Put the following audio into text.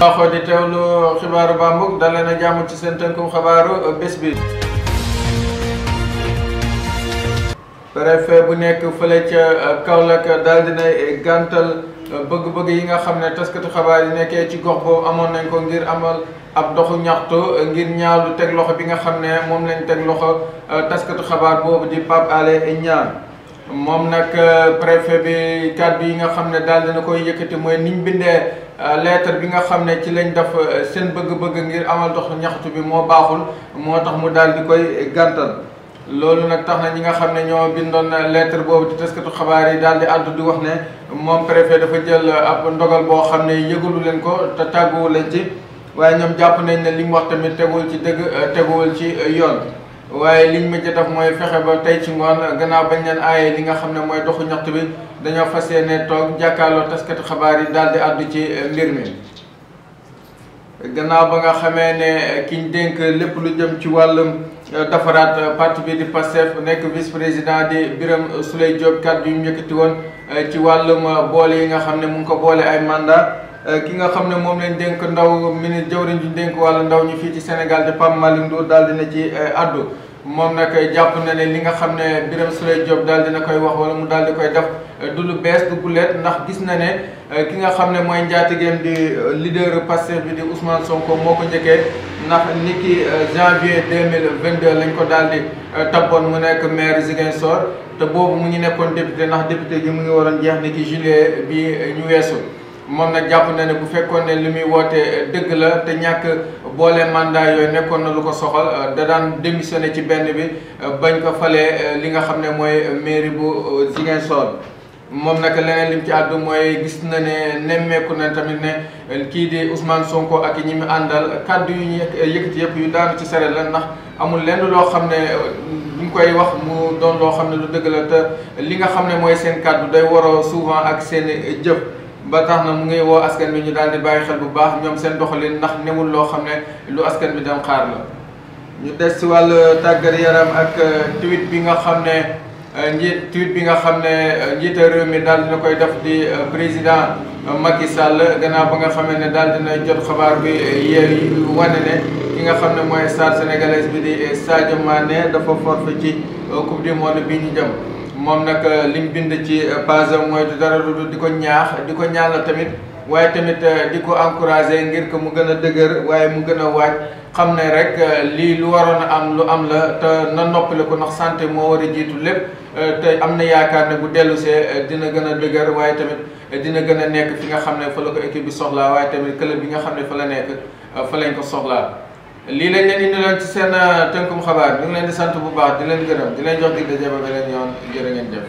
waaw di teewlu xibaaru Bambouck dal jàmm ci seen tënkum xabaaru bés bi. préfet bu nekk fële ca Kaolack daal dina gàntal bëgg-bëgg yi nga xam ne taskatu xabaar yi nekkee ci gox boobu amoon nañ ko ngir amal ab doxu ñaxtu ngir ñaawlu teg loxo bi nga xam ne moom lañ teg loxo taskatu xabaar boobu di Pape Alé Niang. moom nag euh, préfet bi kàddu yi nga xam ne daal dina koy yëkkati mooy niñ bindee euh, lettre bi nga xam ne ci lañ def euh, seen bëgg-bëgg ngir amal dox ñaxtu bi moo baaxul moo tax mu daal di koy gàntal loolu nag tax na ñi nga xam ne ñoo bindoon lettre boobu di taskatu xabaar yi daal di àddu du wax ne moom préfet dafa jël ab ndogal boo xam ne yëgalu leen ko te tàgguwu ci waaye ñoom jàpp nañ ne li mu wax tamit teguwul ci dëgg teguwul ci yoon waaye liñ mujj def mooy fexe ba tey ci ngoon gannaaw bañ leen aaye li nga xam ne mooy doxu ñaxtu bi dañoo fas yéene toog jàkkaarloo taskati xabaar yi daal di àddu ci eh, mbir mi. gannaaw ba nga xamee ne eh, kiñ dénk lépp lu jëm ci wàllum eh, defaraat parti bi di Pastef nekk vice président di Birame Souleye Diop kàddu yu ñu yëkkati woon ci wàllum boole yi nga xam ne mu ngi ko boole ay mandat Euh, ki nga xam ne moom lañ dénk ndaw mi jëwriñ juñ dénk wàllu ndaw ñu fii ci Sénégal di Pape Malick Ndour daal dina ci euh, addu moom nag jàpp na ne li nga xam ne Birame Souleye Diop daal dina koy wax wala mu daal di koy def euh, du lu bees du guleet ndax gis na ne ki nga xam ne mooy njaatigeem di leader Pastef bi di Ousmane Sonko moo ko njëkkee ndax ni ki janvier 2022 lañ ko daal di tabboon mu nekk maire Ziguinchor te boobu mu ngi nekkoon député ndax député gi mu ngi waroon jeex ni ki juillet bi ñu weesu moom nag jàpp na ne bu fekkoon ne li muy woote euh, dëgg la te ñàkk boole mandat yooyu nekkoon na lu ko soxal euh, da daan démissionné ci benn bi euh, bañ ko falee li nga xam ne mooy mairie bu Ziguinchor moom nag leneen lim ci àddu mooy gis na ne nemmeeku na tamit ne kii di Ousmane Sonko ak ñi mu àndal kàddu yu ñu yëkkati yëpp yu daanu ci sare la ndax amul lenn loo xam ne ñu koy wax mu doon loo xam ne lu dëgg la te li nga xam ne mooy seen kàddu day waroo souvent ak seen jëf. ba tax na mu ngi woo askan bi ñu daal di bàyyi xel bu baax ñoom seen doxalin ndax newul loo xam ne lu askan bi dem xaar la. ñu des si wàllu tàggat yaram ak euh, tweet bi nga xam ne. Euh, njiit tweet bi nga xam ne euh, njiita réew mi daal dina koy def di président Macky Sall gannaaw ba nga xamee ne daal dina jël xabaar bi yee wane ne ki nga xam ne mooy star sénégalaise bi di Sadio Mané dafa forfait ci euh, coupe du monde bi ñu jëm moom nag euh, li mu bind ci base euh, mooy du dara lu di ko ñaax di ko la tamit waaye tamit di ko encouragé ngir que mu gën a dëgër waaye mu gën a waaj xam ne rek lii lu waroon a am lu am la te na noppale ko ndax santé moo war a jiitu lépp te am na yaakaar ne bu dellusee dina gën a dëgër waaye tamit dina gën a nekk fi nga xam ne fa la ko équipe bi soxlaa waa tamit club bi nga xam ne fa la nekk fa lañ ko soxlaa lii lañ leen indi loon ci seen uh, tënkum xabaar ñu ngi leen di sant bu baax di leen gërëm di leen jox dig daje ba beneen yoon jërë ngeen jëf